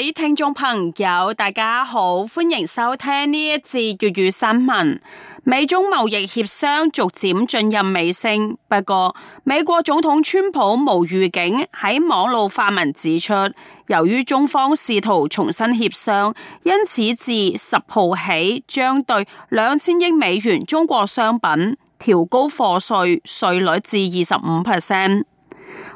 各位聽眾朋友，大家好，歡迎收聽呢一節粵語新聞。美中貿易協商逐漸進入尾聲，不過美國總統川普無預警喺網路發文指出，由於中方試圖重新協商，因此自十號起將對兩千億美元中國商品調高貨稅稅率至二十五 percent。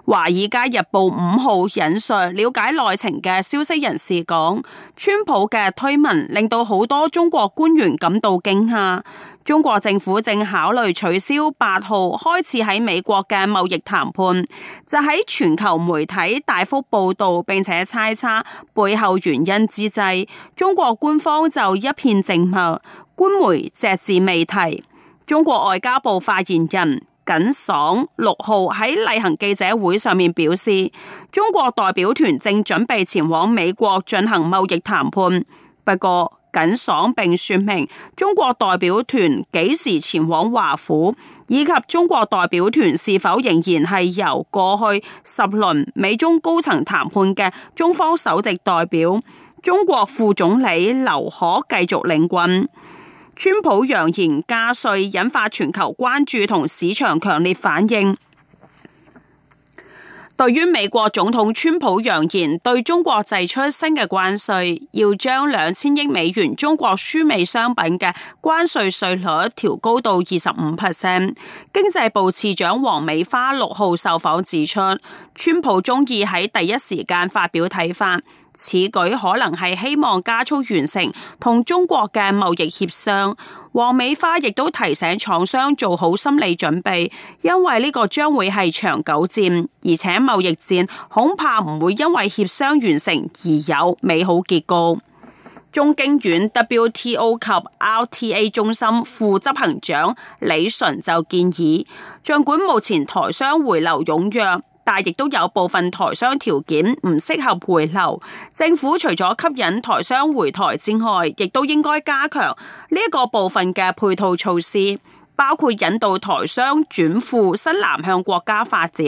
華爾街日報五號引述了解內情嘅消息人士講，川普嘅推文令到好多中國官員感到驚訝。中國政府正考慮取消八號開始喺美國嘅貿易談判。就喺全球媒體大幅報道並且猜測背後原因之際，中國官方就一片靜默，官媒隻字未提。中國外交部發言人。耿爽六號喺例行記者會上面表示，中國代表團正準備前往美國進行貿易談判。不過，耿爽並說明中國代表團幾時前往華府，以及中國代表團是否仍然係由過去十輪美中高層談判嘅中方首席代表、中國副總理劉可繼續領軍。川普揚言加稅，引發全球關注同市場強烈反應。對於美國總統川普揚言對中國祭出新嘅關稅，要將兩千億美元中國輸美商品嘅關稅稅率調高到二十五 percent，經濟部次長王美花六號受訪指出，川普中意喺第一時間發表睇法，此舉可能係希望加速完成同中國嘅貿易協商。王美花亦都提醒廠商做好心理準備，因為呢個將會係長久戰，而且，貿易戰恐怕唔會因為協商完成而有美好結果。中經院 WTO 及 RTA 中心副執行長李淳就建議，儘管目前台商回流踴躍，但亦都有部分台商條件唔適合回流。政府除咗吸引台商回台之外，亦都應該加強呢一個部分嘅配套措施。包括引導台商轉赴新南向國家發展，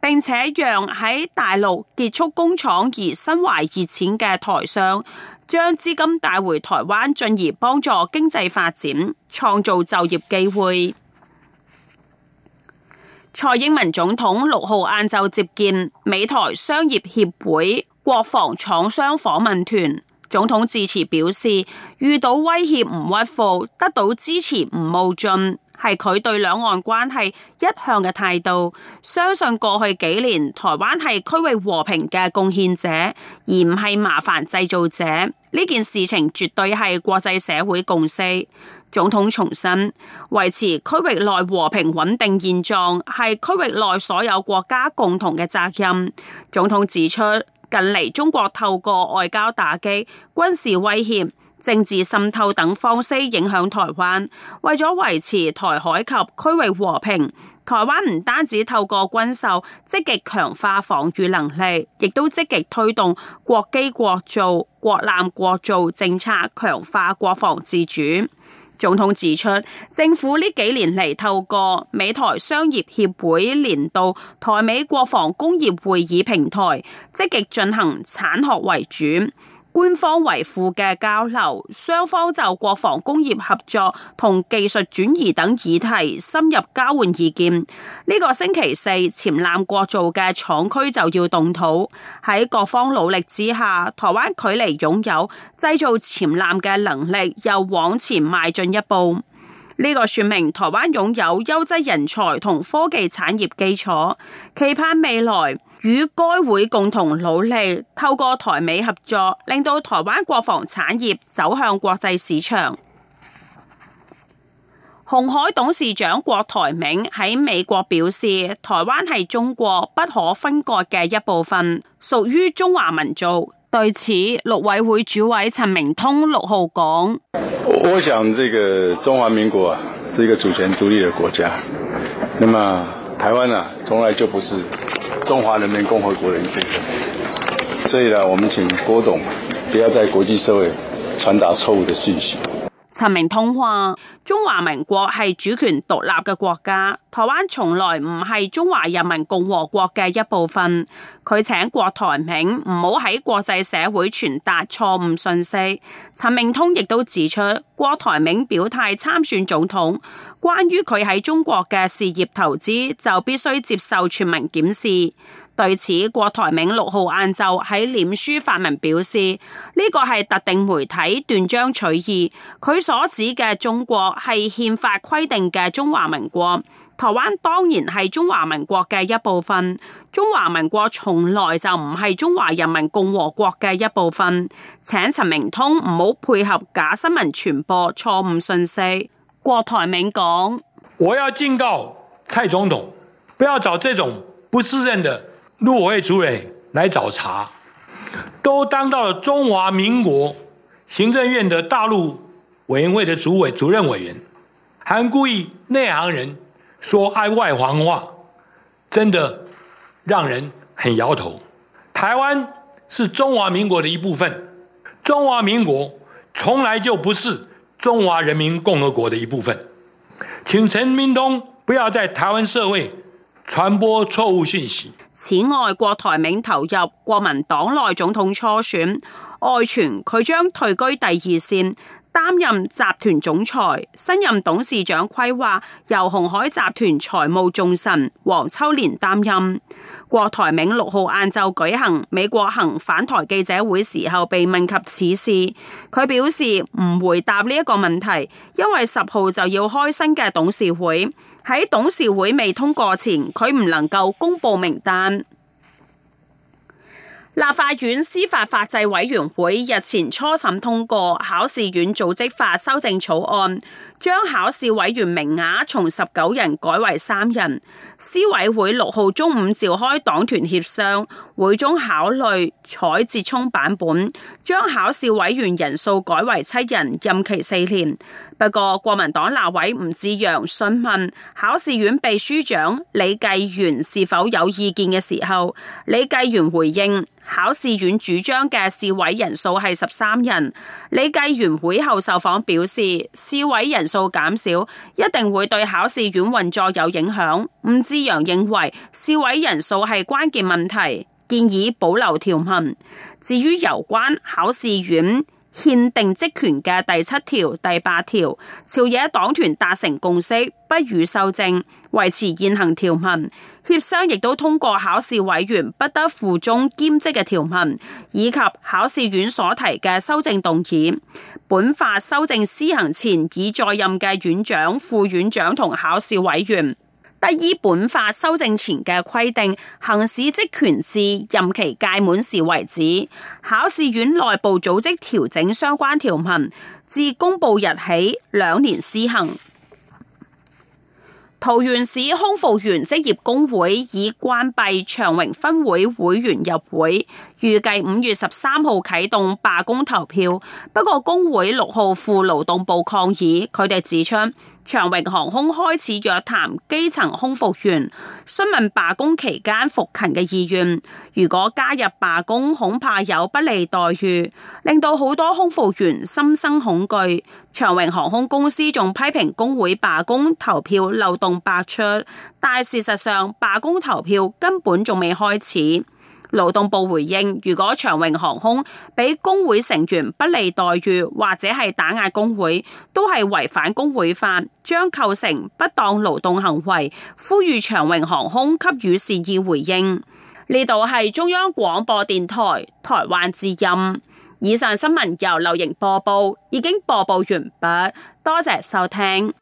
並且讓喺大陸結束工廠而身懷熱錢嘅台商將資金帶回台灣，進而幫助經濟發展，創造就業機會。蔡英文總統六號晏晝接見美台商業協會、國防廠商訪問團。總統致辭表示，遇到威脅唔屈服，得到支持唔冒進，係佢對兩岸關係一向嘅態度。相信過去幾年，台灣係區域和平嘅貢獻者，而唔係麻煩製造者。呢件事情絕對係國際社會共識。總統重申，維持區域內和平穩定現狀，係區域內所有國家共同嘅責任。總統指出，近嚟，中國透過外交打擊、軍事威脅、政治滲透等方式影響台灣，為咗維持台海及區域和平，台灣唔單止透過軍售積極強化防禦能力，亦都積極推動國機國造、國艦國造政策，強化國防自主。總統指出，政府呢幾年嚟透過美台商業協會年度台美國防工業會議平台，積極進行產學為主。官方維護嘅交流，雙方就國防工業合作同技術轉移等議題深入交換意見。呢、這個星期四，潛艦國造嘅廠區就要動土。喺各方努力之下，台灣距離擁有製造潛艦嘅能力又往前邁進一步。呢個說明台灣擁有優質人才同科技產業基礎，期盼未來與該會共同努力，透過台美合作，令到台灣國防產業走向國際市場。鴻海董事長郭台銘喺美國表示，台灣係中國不可分割嘅一部分，屬於中華民族。對此，陸委會主委陳明通六號講。我想，這個中華民國啊，是一個主權獨立的國家。那麼，台灣啊，從來就不是中華人民共和國的一部分。所以呢，我們請郭董不要在國際社會傳達錯誤的信息。陳明通話：中華民國係主權獨立嘅國家。台灣從來唔係中華人民共和國嘅一部分。佢請郭台銘唔好喺國際社會傳達錯誤訊息。陳明通亦都指出，郭台銘表態參選總統，關於佢喺中國嘅事業投資就必須接受全民檢視。對此，郭台銘六號晏晝喺臉書發文表示，呢個係特定媒體斷章取義。佢所指嘅中國係憲法規定嘅中華民國。台灣當然係中華民國嘅一部分，中華民國從來就唔係中華人民共和國嘅一部分。請陳明通唔好配合假新聞傳播錯誤信息。郭台銘講，我要警告蔡總統，不要找這種不適任嘅陸委會主委來找茬，都當到了中華民國行政院的大陸委員會的主委主任委員，還故意內行人。說愛外華話，真的讓人很搖頭。台灣是中華民國的一部分，中華民國從來就不是中華人民共和國的一部分。請陳明通不要在台灣社會傳播錯誤訊息。此外，郭台銘投入國民黨內總統初選，外傳佢將退居第二線。擔任集團總裁，新任董事長規劃由鴻海集團財務重臣黃秋蓮擔任。郭台銘六號晏晝舉行美國行返台記者會時候，被問及此事，佢表示唔回答呢一個問題，因為十號就要開新嘅董事會。喺董事會未通過前，佢唔能夠公佈名單。立法院司法法制委員會日前初審通過考試院組織法修正草案，將考試委員名額從十九人改為三人。司委會六號中午召開黨團協商，會中考慮採折衷版本，將考試委員人數改為七人，任期四年。不過，國民黨立委吳志揚詢問考試院秘書長李繼元是否有意見嘅時候，李繼元回應。考試院主張嘅試委人數係十三人。理計委員會後受訪表示，試委人數減少一定會對考試院運作有影響。吳志揚認為試委人數係關鍵問題，建議保留條文。至於有關考試院，憲定職權嘅第七條、第八條，朝野黨團達成共識，不予修正，維持現行條文。協商亦都通過考試委員不得赴中兼職嘅條文，以及考試院所提嘅修正動議。本法修正施行前已在任嘅院長、副院長同考試委員，得依本法修正前嘅規定，行使職權至任期屆滿時為止。考試院內部組織調整相關條文，自公布日起兩年施行。桃園市空服員職業工會已關閉長榮分會會員入會，預計五月十三號啟動罷工投票。不過工會六號赴勞動部抗議，佢哋指出長榮航空開始約談基層空服員，詢問罷工期間復勤嘅意願。如果加入罷工，恐怕有不利待遇，令到好多空服員心生恐懼。長榮航空公司仲批評工會罷工投票漏百出，但事實上罷工投票根本仲未開始。勞動部回應：如果長榮航空俾工會成員不利待遇或者係打壓工會，都係違反工會法，將構成不當勞動行為。呼籲長榮航空給予善意回應。呢度係中央廣播電台台灣之音。以上新聞由劉瑩播報，已經播報完畢，多謝收聽。